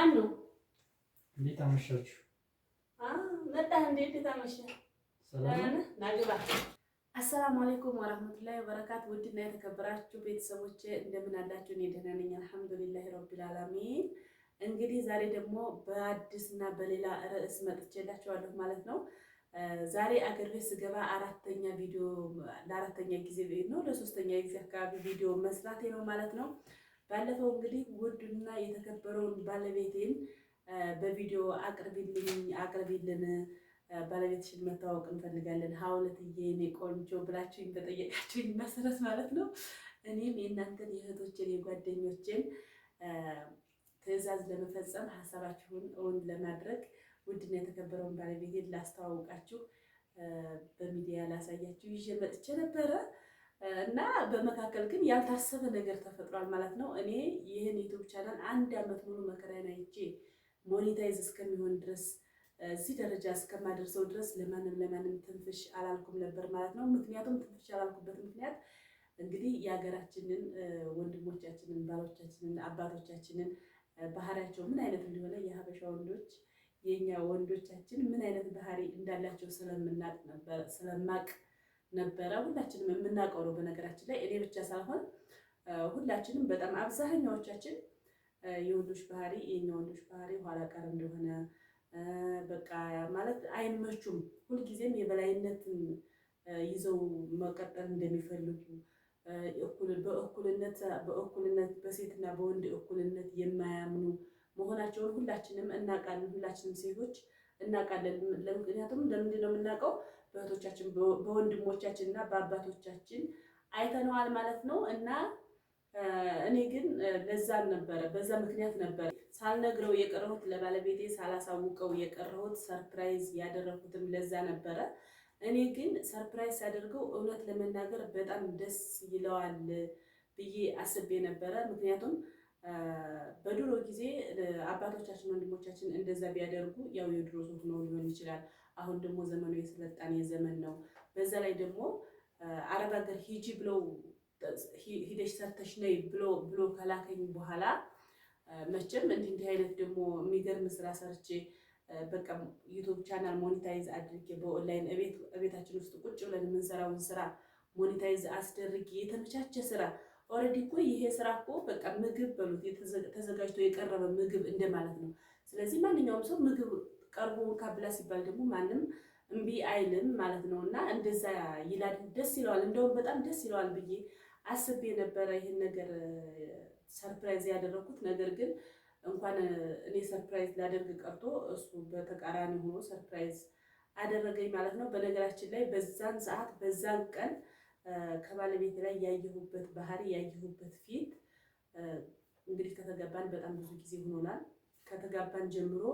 ማን ነው? እንዴት አመሻችሁ? መጣህ እንዴ? እንዴት አመሻህ? ናግባ አሰላሙ አለይኩም ወራህመቱላሂ ወበረካቱ። ውድና የተከበራችሁ ቤተሰቦች እንደምን አላችሁ? እኔ ደህና ነኝ አልሐምዱሊላሂ ረቢል ዓለሚን። እንግዲህ ዛሬ ደግሞ በአዲስ እና በሌላ ርዕስ መጥቼላችኋለሁ ማለት ነው። ዛሬ አገር ቤት ስገባ አራተኛ ቪዲዮ ለአራተኛ ጊዜ ነው ለሶስተኛ ጊዜ አካባቢ ቪዲዮ መስራቴ ነው ማለት ነው። ባለፈው እንግዲህ ውድና የተከበረውን ባለቤቴን በቪዲዮ አቅርቢልኝ አቅርቢልን ባለቤትሽን መታወቅ እንፈልጋለን ሀውለትዬ የኔ ቆንጆ ብላችሁኝ በጠየቃችሁኝ መሰረት ማለት ነው። እኔም የእናንተን የእህቶችን የጓደኞችን ትዕዛዝ ለመፈጸም ሀሳባችሁን እውን ለማድረግ ውድና የተከበረውን ባለቤቴን ላስተዋውቃችሁ በሚዲያ ላሳያችሁ ይዤ መጥቼ ነበረ። እና በመካከል ግን ያልታሰበ ነገር ተፈጥሯል ማለት ነው። እኔ ይህን ዩቱብ ቻናል አንድ ዓመት ሙሉ መከራዬን አይቼ ሞኔታይዝ እስከሚሆን ድረስ እዚህ ደረጃ እስከማደርሰው ድረስ ለማንም ለማንም ትንፍሽ አላልኩም ነበር ማለት ነው። ምክንያቱም ትንፍሽ ያላልኩበት ምክንያት እንግዲህ የሀገራችንን ወንድሞቻችንን፣ ባሎቻችንን፣ አባቶቻችንን ባህሪያቸው ምን አይነት እንደሆነ የሀበሻ ወንዶች የኛ ወንዶቻችን ምን አይነት ባህሪ እንዳላቸው ስለምናቅ ነበር ስለማቅ ነበረ። ሁላችንም የምናውቀው ነው። በነገራችን ላይ እኔ ብቻ ሳልሆን ሁላችንም በጣም አብዛኛዎቻችን የወንዶች ባህሪ የኛ ወንዶች ባህሪ ኋላ ቀር እንደሆነ በቃ ማለት አይመቹም፣ ሁልጊዜም የበላይነትን ይዘው መቀጠል እንደሚፈልጉ በእኩልነት በእኩልነት በሴትና በወንድ እኩልነት የማያምኑ መሆናቸውን ሁላችንም እናውቃለን። ሁላችንም ሴቶች እናውቃለን። ለምክንያቱም ለምንድን ነው የምናውቀው? በእህቶቻችን በወንድሞቻችን እና በአባቶቻችን አይተነዋል ማለት ነው እና እኔ ግን ለዛም ነበረ በዛ ምክንያት ነበረ ሳልነግረው የቀረሁት ለባለቤቴ ሳላሳውቀው የቀረሁት ሰርፕራይዝ ያደረኩትም ለዛ ነበረ። እኔ ግን ሰርፕራይዝ ሳደርገው እውነት ለመናገር በጣም ደስ ይለዋል ብዬ አስቤ ነበረ። ምክንያቱም በድሮ ጊዜ አባቶቻችን ወንድሞቻችን እንደዛ ቢያደርጉ ያው የድሮ ሱፍ ነው ሊሆን ይችላል አሁን ደግሞ ዘመኑ የስልጣኔ ዘመን ነው። በዛ ላይ ደግሞ አረብ ሀገር ሂጂ ብለው ሂደሽ ሰርተሽ ነይ ብሎ ብሎ ከላከኝ በኋላ መቼም እንዲህ እንዲህ አይነት ደግሞ የሚገርም ስራ ሰርቼ በቃ ዩቱብ ቻናል ሞኔታይዝ አድርጌ በኦንላይን እቤታችን ውስጥ ቁጭ ብለን የምንሰራውን ስራ ሞኔታይዝ አስደርጌ የተመቻቸ ስራ ኦልሬዲ እኮ ይሄ ስራ እኮ በቃ ምግብ በሉት ተዘጋጅቶ የቀረበ ምግብ እንደማለት ነው። ስለዚህ ማንኛውም ሰው ምግብ ቀርቦ ካብላ ሲባል ደግሞ ማንም እምቢ አይልም ማለት ነው። እና እንደዛ ይላል፣ ደስ ይለዋል። እንደውም በጣም ደስ ይለዋል ብዬ አስቤ ነበረ ይህን ነገር ሰርፕራይዝ ያደረኩት። ነገር ግን እንኳን እኔ ሰርፕራይዝ ላደርግ ቀርቶ እሱ በተቃራኒ ሆኖ ሰርፕራይዝ አደረገኝ ማለት ነው። በነገራችን ላይ በዛን ሰዓት በዛን ቀን ከባለቤት ላይ ያየሁበት ባህሪ ያየሁበት ፊት እንግዲህ ከተጋባን በጣም ብዙ ጊዜ ሆኖናል። ከተጋባን ጀምሮ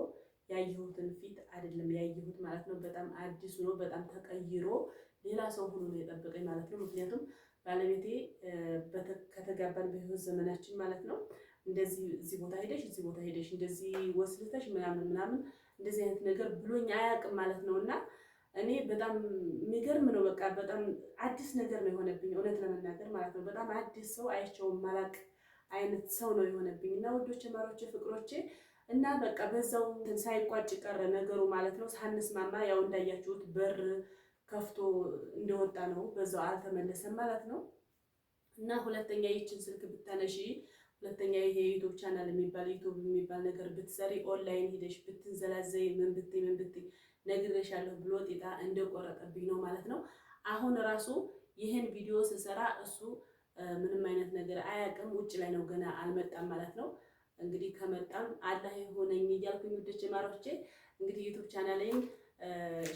ያየሁትን ፊት አይደለም ያየሁት ማለት ነው። በጣም አዲስ ነው። በጣም ተቀይሮ ሌላ ሰው ሆኖ ነው የጠበቀኝ ማለት ነው። ምክንያቱም ባለቤቴ ከተጋባን በህይወት ዘመናችን ማለት ነው እንደዚህ እዚህ ቦታ ሄደሽ እዚህ ቦታ ሄደሽ እንደዚህ ወስልተሽ ምናምን ምናምን እንደዚህ አይነት ነገር ብሎኝ አያውቅም ማለት ነው። እና እኔ በጣም የሚገርም ነው። በቃ በጣም አዲስ ነገር ነው የሆነብኝ እውነት ለመናገር ማለት ነው። በጣም አዲስ ሰው አይቸውም ማላቅ አይነት ሰው ነው የሆነብኝ እና ውዶቼ፣ ማሮቼ፣ ፍቅሮቼ እና በቃ በዛው ሳይቋጭ ቀረ ነገሩ ማለት ነው። ሳንስማማ ያው እንዳያችሁት በር ከፍቶ እንደወጣ ነው። በዛው አልተመለሰም ማለት ነው። እና ሁለተኛ ይችን ስልክ ብታነሺ፣ ሁለተኛ ይሄ ዩቱብ ቻናል የሚባል ዩቱብ የሚባል ነገር ብትሰሪ፣ ኦንላይን ሂደሽ ብትንዘላዘይ፣ ምን ብትይ ምን ብትይ ነግሬሻለሁ ብሎ ጤጣ እንደቆረጠብኝ ነው ማለት ነው። አሁን ራሱ ይህን ቪዲዮ ስሰራ እሱ ምንም አይነት ነገር አያውቅም። ውጭ ላይ ነው ገና አልመጣም ማለት ነው። እንግዲህ ከመጣም አላህ የሆነኝ እያልኩኝ ውዶቼ ማሮቼ እንግዲህ ዩቱብ ቻናሌን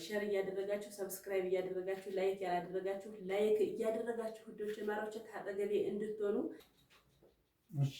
ሼር እያደረጋችሁ ሰብስክራይብ እያደረጋችሁ ላይክ ያላደረጋችሁ ላይክ እያደረጋችሁ ውዶቼ ማሮቼ ከአጠገቤ እንድትሆኑ እሺ።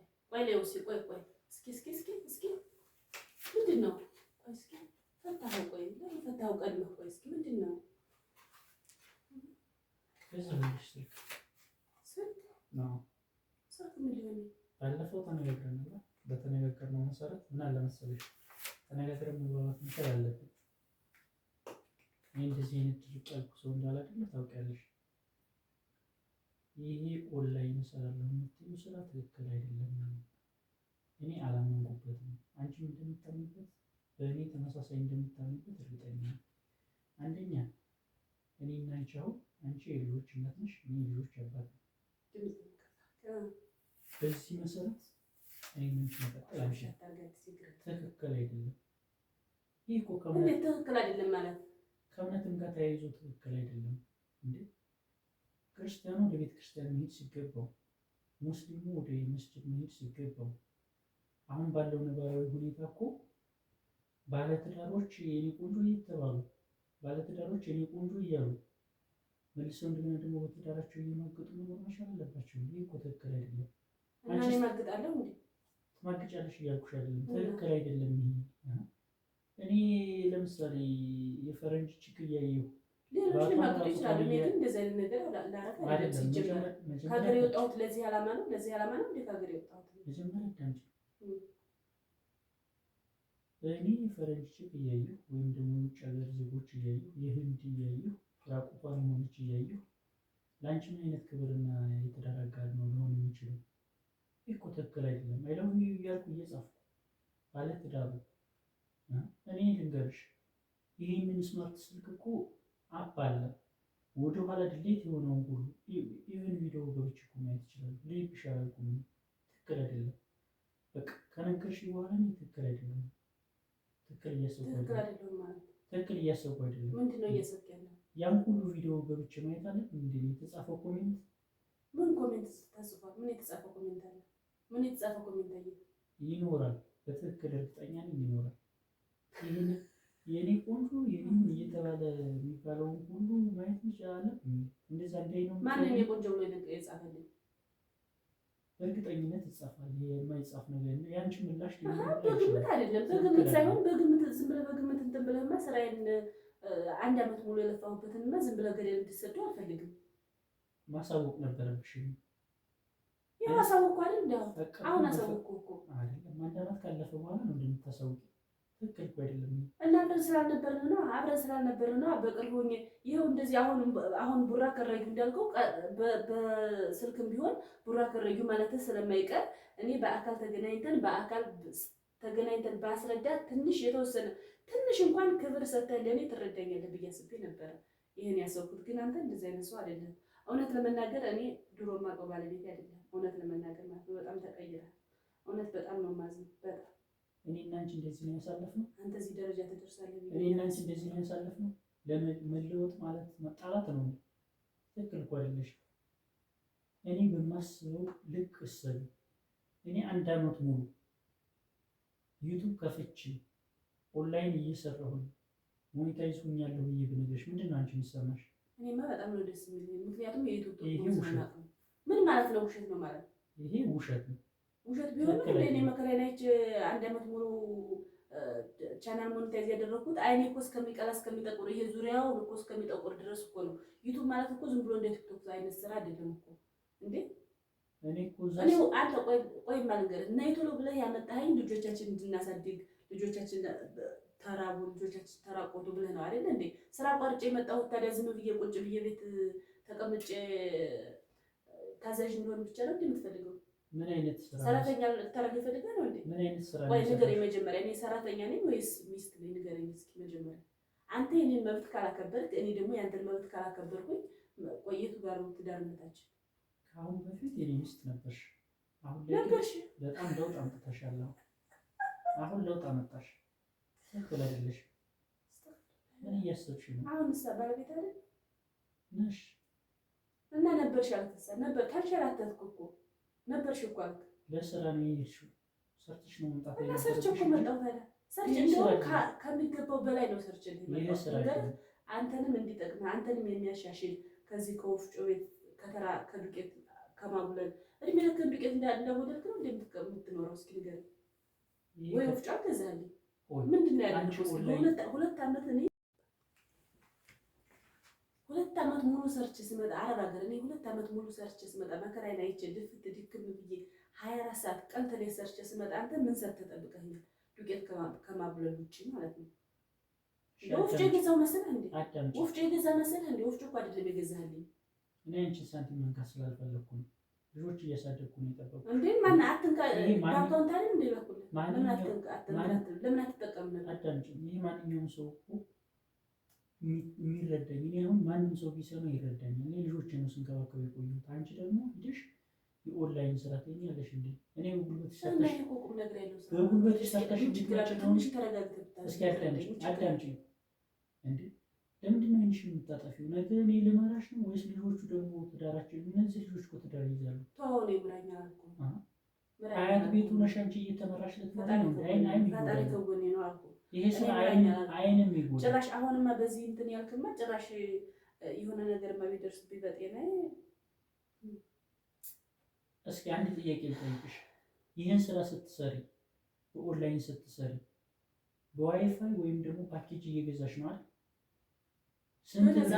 ቆይ ሌውሲ ቆይ ቆይ እስኪ እስኪ እስኪ እስኪ ምንድን ነው? ቆይ እስኪ ፈታኸው ቆይ ፈታኸው ቀድመህ ቆይ እስኪ ምንድን ነው? ባለፈው ተነጋግረን በተነጋገርነው መሰረት ምን አለ መሰለሽ ተነጋግረን መግባባት መቻል አለብን። ይህ እንደዚህ አይነት ድርቅ ያልኩ ሰው እንዳላደለ ታውቂያለሽ። ይሄ ኦንላይን እሰራለሁ የምትይው ስራ ትክክል አይደለም። እኔ አላመንኩበትም አንቺም እንደምታምንበት በእኔ ተመሳሳይ እንደምታምንበት እርግጠኛ ነኝ። አንደኛ እና አንቺ አሁን አንቺ የልጆች እናት ነሽ እኔ የልጆች አባት ነኝ። በዚህ መሰረት እኔና አንቺ መቀጠል አንችልም። ትክክል አይደለም። ይህ እኮ ከእምነትም ጋር ተያይዞ ትክክል አይደለም እንዴ ክርስቲያኑ ወደ ቤተ ክርስቲያን መሄድ ሲገባው፣ ሙስሊሙ ወደ መስጅድ መሄድ ሲገባው፣ አሁን ባለው ነባራዊ ሁኔታ እኮ ባለትዳሮች የኔ ቆንጆ እየተባሉ ባለትዳሮች የኔ ቆንጆ እያሉ መልሰው እንደገና ደግሞ በትዳራቸው እየማገጡ መኖር መቻል አለባቸው። ይህ እኮ ትክክል አይደለም። ትማግጫለሽ እያልኩሽ አይደለም፣ ትክክል አይደለም። ይሄ እኔ ለምሳሌ የፈረንጅ ችግር እያየሁ ሌሎች ሊመክሩ ይችላሉ። እኔ ግን እንደዚህ አይነት ነገር ላረግ ከሀገር የወጣሁት ለዚህ ዓላማ ነው። ለዚህ ዓላማ ነው እንዴት ሀገር የወጣሁት እኔ ፈረንጅ እያየሁ ወይም ደግሞ ውጭ ሀገር ዜጎች እያየሁ የህንድ እያየሁ የአውሮፓ መሆኖች እያየሁ ለአንቺ ምን አይነት ክብርና የተደረጋ ነው ሊሆን የሚችለው? ይህ እኮ ትክክል አይደለም። አይለው እያልኩ እየጻፍኩ ባለ ትዳሩ እኔ ልንገርሽ ይህንን ስማርት ስልክ እኮ አፕ አለ። ወደ ኋላ ድሌት የሆነውን ሁሉ ኢቨን ቪዲዮ ገብቼ እኮ ማየት ይችላል። ልብሽ አያልኩም። ትክክል አይደለም። በቃ ከነገርሽ በኋላ ነው ትክክል አይደለም። ትክክል እያሰብኩ ትክክል እያሰብኩ አይደለም። ምንድን ነው እያሰብኩ ያለው? ያን ሁሉ ቪዲዮ ገብቼ ማየት አለ። ምንድን ነው የተጻፈው ኮሜንት? ምን ኮሜንት ተጽፏል? ምን የተጻፈ ኮሜንት አለ? ምን የተጻፈ ኮሜንት አለ? ይኖራል። በትክክል እርግጠኛ ነኝ ይኖራል። የኔ ቆንጆ የኔ እየተባለ የሚባለው ሁሉ ማየት እንችላለን። እንደዛ እንዳይ ነው። ማንም የቆንጆ ብሎ የጻፈልኝ በእርግጠኝነት ይጻፋል። የማይጻፍ ነገር ነው። ያንቺ ምላሽ በግምት አይደለም፣ በግምት ሳይሆን በግምት ዝም ብለህ በግምት እንትን ብለህማ ስራዬን አንድ አመት ሙሉ የለፋሁበትንና ዝም ብለህ ገደል እንድትሰዱ አልፈልግም። ማሳወቅ ነበረብሽ። ያው አሳወቅኩ አይደል? እንዲያው አሁን አሳወቅኩ እኮ አይደለም። አንድ አመት ካለፈ በኋላ ነው እንደምታሳውቅ እናንተን ስላልነበር ነው አብረን ስላልነበርን ነው። በቅርብ ይኸው እንደዚህ አሁን አሁን ቡራ ከረዩ እንዳልከው በስልክም ቢሆን ቡራ ከረዩ ማለት ስለማይቀር እኔ በአካል ተገናኝተን በአካል ተገናኝተን ባስረዳ ትንሽ የተወሰነ ትንሽ እንኳን ክብር ሰጥተህ ለእኔ ትረዳኛለህ ብዬ አስቤ ነበረ። ይህን ያሰብኩት ግን አንተ እንደዚህ አይነት ሰው አይደለም። እውነት ለመናገር እኔ ድሮ ማውቀው ባለቤት አይደለም። እውነት ለመናገር ማለት በጣም ተቀይራል። እውነት በጣም ነው የማዝነው በጣም እኔ እና አንቺ እንደዚህ ነው ያሳለፍነው። አንተ እዚህ ደረጃ ተደርሳለህ። እኔ እና አንቺ እንደዚህ ነው ያሳለፍነው። ለመለወጥ ማለት መጣላት ነው። ትክክል እኮ አይደለሽም። እኔ በማስበው ልክ እሰብ እኔ አንድ አመት ሙሉ ዩቱብ ከፍቼ ኦንላይን እየሰራሁኝ ሞኔታይዝ ሁኛለሁ ብዬ ብነግርሽ ምንድን ነው አንቺ የሚሰማሽ? እኔማ በጣም ነው ደስ የሚል። ምክንያቱም የዩቱብ ምንም ማለት ነው ውሸት ነው ማለት ነው። ይሄ ውሸት ነው ውሸት ቢሆንም እንደኔ አንድ አመት ሙሉ ቻናል ሞኒታይዝ ያደረኩት አይኔ እኮ እስከሚቀላ እስከሚጠቁር ይሄ ዙሪያው እኮ እስከሚጠቁር ድረስ እኮ ነው። ዩቱብ ማለት እኮ ዝም ብሎ እንደ ቲክቶክ አይነት ስራ አይደለም እኮ እንዴ። እኔ አንተ ቆይ ማልገር እና ብለህ ያመጣኸኝ ልጆቻችን እንድናሳድግ ልጆቻችን ተራቡ ልጆቻችን ተራቆቱ ብለህ ነው አይደል እንዴ? ስራ ቋርጬ የመጣሁት ታዲያ ዝም ብዬ ቁጭ ብዬ ቤት ተቀምጬ ታዛዥ እንደሆን ብቻ ነው የምትፈልገው? ምን አይነት ስራ ሰራተኛ ልታረግ ይፈልጋል ነው እንዴ? ምን አይነት ስራ ወይ ንገረኝ መጀመሪያ። እኔ ሰራተኛ ነኝ ወይስ ሚስት ነኝ? ንገረኝ እስኪ መጀመሪያ። አንተ የኔን መብት ካላከበርክ፣ እኔ ደግሞ የአንተን መብት ካላከበርኩኝ፣ ቆየቱ ጋር ነው ትዳርነታችን። ከአሁን በፊት የኔ ሚስት ነበርሽ። አሁን ነበርሽ። በጣም ለውጥ አምጥተሻል። አሁን ለውጥ አመጣሽ። ትክክል ለደለሽ ምን እያሰብሽ ነው? አሁን ሳ ባለቤት አይደል ነሽ እና ነበርሽ። አልተሳ ነበር ካልሸራተትኩ እኮ ነበርሽ እኮ አልክ። ለስራ ነው የሄድሽው። ሰርችሽ ነው መምጣት እና ሰርች እኮ መጣሁ ታዲያ ሰርች እንደውም ከሚገባው በላይ ነው ሰርች እንዲመጣው አንተንም እንዲጠቅም አንተንም የሚያሻሽል ከዚህ ከወፍጮ ቤት ከተራ ከዱቄት ከማጉለል እድሜ ልክን ዱቄት እንዳለወደድክ ነው እንደምትኖረው እስኪ ንገረኝ። ወይ ወፍጮ አልገዛልኝ ምንድን ነው ያለ ሁለት ዓመት እኔ ሁለት ዓመት ሙሉ ሰርች ስመጣ አረብ ሀገር እኔ ሁለት ዓመት ሙሉ ሰርች ስመጣ መከራዬን አይቼ ድፍት ድክም ብዬ ሀያ አራት ሰዓት ቀን ተለይ ሰርች ስመጣ አንተ ምን ሰርተ ተጠብቀኛል? ዱቄት ከማብለል ውጭ ማለት ነው። ወፍጮ የገዛው መሰለህ እንዴ? ወፍጮ የገዛ መሰለህ እንዴ? ወፍጮ እኮ አይደለም የገዛህልኝ። እኔ አንቺን ሳንቲም መንካት ስላልፈለኩ ነው። ልጆች እያሳደግኩ ነው የጠበቁት። እንዴ ማን አትንካ ዳርቷን ታዲያ እንዴ ለኩል ለምን አትጠቀምነ? አዳምጪ። ይህ ማንኛውም ሰው የሚረዳኝ እኔ አሁን ማንም ሰው ቢሰማ ይረዳኛል። እኔ ልጆች ነው ስንከባከብ የቆየሁት። አንቺ ደግሞ ሂደሽ የኦንላይን ስራ ትይኛለሽ እንዴ? እኔ በጉልበት ሰርተሽ በጉልበት ሰርተሽ አዳምጪኝ እንዴ! ለምንድን ነው የምታጠፊው? ነገ እኔ ልመራሽ ነው ወይስ ልጆቹ ደግሞ ትዳራቸው? እነዚህ ልጆች እኮ ትዳር ይዛሉ። አያት ቤቱ ነሽ አንቺ እየተመራሽ ነው ነው አልኩ ይሄ ስራ አይንም ይጎዳል። ጭራሽ አሁንማ በዚህ እንትን ያልክማ ጭራሽ የሆነ ነገርማ ቢደርስብኝ በጤና እስኪ አንድ ጥያቄ ልጠይቅሽ። ይህን ስራ ስትሰሪ፣ በኦንላይን ስትሰሪ በዋይፋይ ወይም ደግሞ ፓኬጅ እየገዛሽ ነው አይደል? በነፃ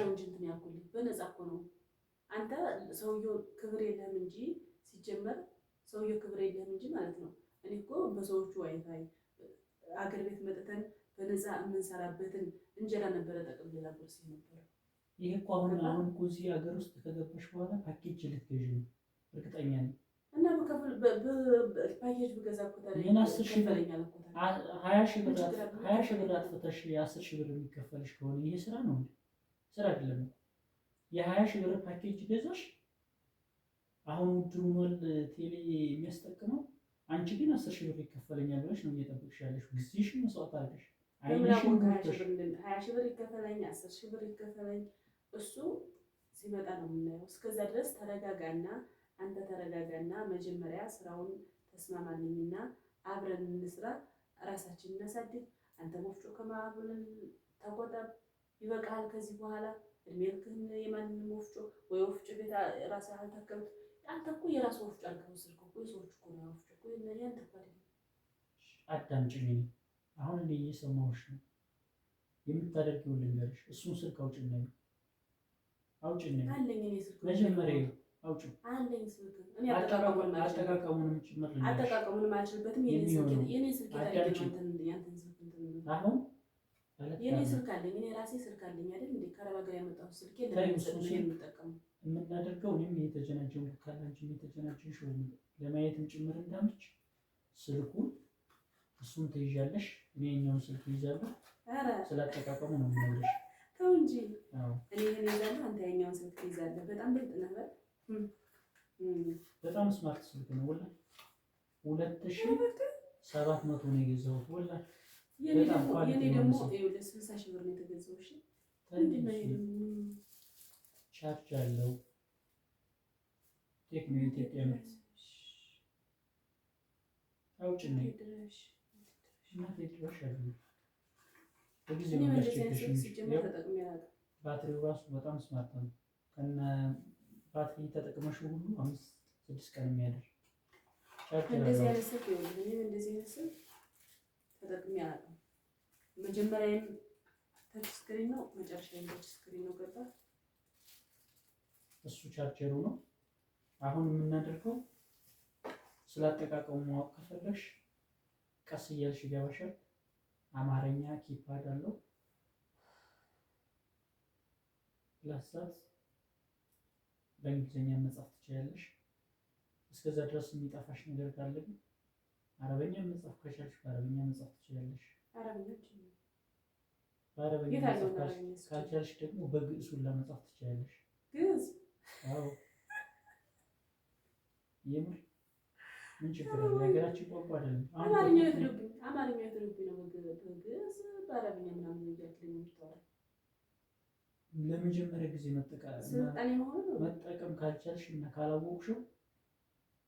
ነው እንጂ እንትን ያልኩልኝ በነፃ እኮ ነው። አንተ ሰውየው ክብር የለህም እንጂ ሲጀመር ሰውየው ክብር የለህም እንጂ ማለት ነው። እኔ እኮ በሰዎቹ ዋይፋይ አገር ቤት መጥተን በነፃ የምንሰራበትን እንጀራ ነበረ ጠቅም ሌላ ጎርስ ነበረ። ይህ እኮ አሁን አሁን እኮ እዚህ ሀገር ውስጥ ከገባሽ በኋላ ፓኬጅ ልትገዢ ነው እርግጠኛ ነኝ። እና ፓኬጅ ብገዛ ምን አስር ሺህ ብር ሀያ ሺህ ብር አጥፍተሽ የአስር ሺህ ብር የሚከፈልሽ ከሆነ ይሄ ስራ ነው ስራ አይደለም። የሀያ ሺህ ብር ፓኬጅ ገዛሽ አሁን ድሮኖል ቴሌ የሚያስጠቅመው አንቺ ግን አስር ሺህ ብር ይከፈለኛል ብለሽ ነው እየጠበቅሽ ያለሽ። ጊዜሽን መስዋዕት አድርገሽ ሀያ ሺህ ብር ይከፈለኝ፣ አስር ሺህ ብር ይከፈለኝ፣ እሱ ሲመጣ ነው የምናየው። እስከዛ ድረስ ተረጋጋና፣ አንተ ተረጋጋና፣ መጀመሪያ ስራውን ተስማማልኝና አብረን እንስራ፣ ራሳችን እናሳድግ። አንተ ወፍጮ ከማብልን ተቆጠብ፣ ይበቃል። ከዚህ በኋላ እድሜ ልክህን ወፍጮ ወይ ወፍጮ ቤት ራስህ አልታከምት። አንተ እኮ ወፍጮ አልከወሰድክ እኮ የሰዎች እኮ ነው ወፍጮ አዳምጪኝ። አሁን እኔ እየሰማሁሽ ነው። የምታደርጊውን ልንገርሽ። እሱን ስልክ አውጭና ነው መጀመሪያ አውጭ አጠቃቀሙንም ጭምር አሁን የኔ ስልክ አለኝ። እኔ ራሴ ስልክ አለኝ አይደል? ከረባ ጋር ያመጣሁት ስልኬ ለምን የምጠቀመው የምናደርገው እኔም የተጀናጀን ካላንቺ የተጀናጀን ሽሆኑ ለማየትም ጭምር እንዳመች ስልኩን እሱን ትይዣለሽ፣ እኔ የኛውን ስልክ ይዛለሁ። ስላጠቃቀሙ ነው የሚያለሽ። ተው እንጂ እኔ ይህን ይዛለሁ፣ አንተ የኛውን ስልክ ትይዛለህ። በጣም ብልጥ ነበር። በጣም ስማርት ስልክ ነው። ወላ ሁለት ሺ ሰባት መቶ ነው የገዛሁት። ወላ የኔ ደግሞ ስልሳ ሺ ብር ነው የተገዛው። ምንድነው ቻርጅ አለው። ቴክኖ ኢትዮጵያ ምርት አውጭ ነው እና ድረሽ አለ በጊዜ ባትሪው ራሱ በጣም ስማርት ነው። ከነ ባትሪ ተጠቅመሽ ሁሉ አምስት ስድስት ቀን የሚያደር እንደዚህ አይነት ስልክ ተች ስክሪን ነው፣ መጨረሻዬም ተች ስክሪን ነው ገባ እሱ ቻርጀሩ ነው። አሁን የምናደርገው ስላጠቃቀሙ ማወቅ ከፈለሽ ቀስ እያልሽ ገባሻል። አማርኛ ኪፓድ አለው ፕላስታት በእንግሊዝኛ መጻፍ ትችላለሽ። እስከዛ ድረስ የሚጠፋሽ ነገር ካለ ግን አረበኛ መጻፍ ከቻልሽ በአረበኛ መጻፍ ትችላለሽ። በአረበኛ መጻፍ ካልቻልሽ ደግሞ በግዕዙ ለመጻፍ ትችላለሽ። ምን ችግር አለ? ነገራችን ለመጀመሪያ ጊዜ መጠቀም ካልቻልሽ እና ካላወቅሽው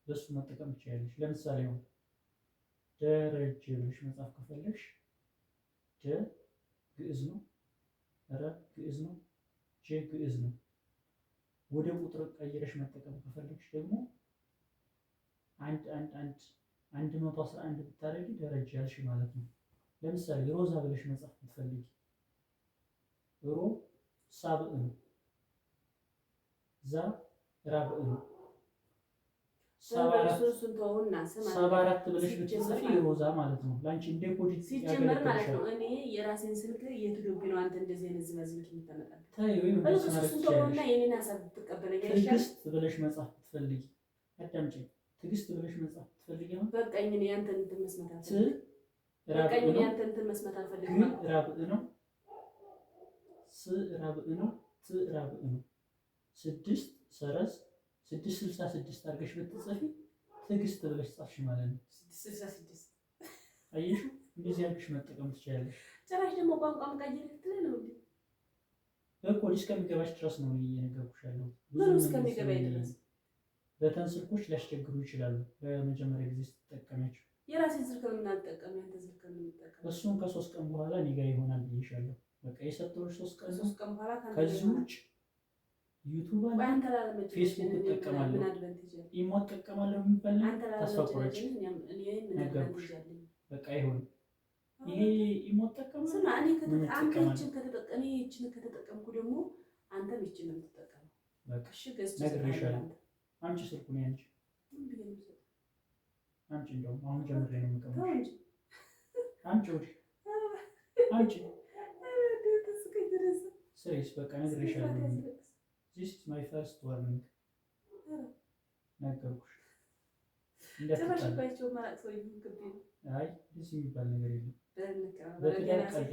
በሱ መጠቀም ትችያለሽ። ለምሳሌ ነው ደረጀ ብለሽ መጽሐፍ ከፈለግሽ ደ ግዕዝ ነው፣ ረ ግዕዝ ነው፣ ጀ ግዕዝ ነው። ወደ ቁጥር ቀይረሽ መጠቀም ከፈለግሽ ደግሞ አንድ አንድ አንድ አንድ መቶ አስራ አንድ ብታደርጊ ደረጃ ያልሽ ማለት ነው። ለምሳሌ ሮዛ ብለሽ መጻፍ ብትፈልጊ ሮ ሳብዕ ዛ ራብዕ ሰባ አራት ብለሽ ብትጽፊ ሮዛ ማለት ነው ለአንቺ እንደ ሲጀመር ማለት ነው። እኔ የራሴን ስልክ የትዶቢ ነው አንተ እንደዚህ አይነት የኔን ሀሳብ ትቀበለኛ ትግስት ብለሽ መጽሐፍ ትፈልጊ አዳምጪ። ትግስት ብለሽ መጽሐፍ ትፈልጊ ነው። እንትን መስመት አልፈልግም። እንትን መስመት አልፈልግም። ነው ስ ነው ነው ስድስት ሰረዝ ስድስት ስልሳ ስድስት አድርገሽ ብትጽፊ ትዕግስት ብለሽ ጻፍሽ ማለት ነው። አየሽው? እንደዚህ አድርገሽ መጠቀም ትችላለሽ። ጭራሽ ደግሞ ቋንቋ መቀየር ትችላለሽ ነው እንዴ? በፖሊስ ከሚገባሽ ድረስ ነው እየነገርኩሽ ያለው። በተን ስልኮች ሊያስቸግሩ ይችላሉ። በመጀመሪያ ጊዜ ስትጠቀሚያቸው የራሴን ስልክ የምናጠቀም ያንተ ስልክ የምንጠቀም እሱም ከሶስት ቀን በኋላ እኔ ጋ ይሆናል ብዬሻለሁ። በቃ የሰጠሁሽ ሶስት ቀን ከዚህ ውጭ ዩቱብ አለ፣ ፌስቡክ እጠቀማለሁ፣ ኢሞ እጠቀማለሁ የሚባል ተስፋ ቆረጭ ነገርኩሽ። በቃ ይሁን ይሄ ኢሞ ከተጠቀምኩ ደግሞ አንተም ነው የምትጠቀመው። ነግሬሻለሁ። አንቺ ስልኩን ያንቺ አንቺ እንደውም አሁን ጀምሬ ነው የምቀመጥሽ። አንቺ አንቺ ስሬስ በቃ ነግሬሻለሁ። ጅስት ማይ ፈርስት ዋርኒንግ ነገርኩሽ። አይ ደስ የሚባል ነገር የለም።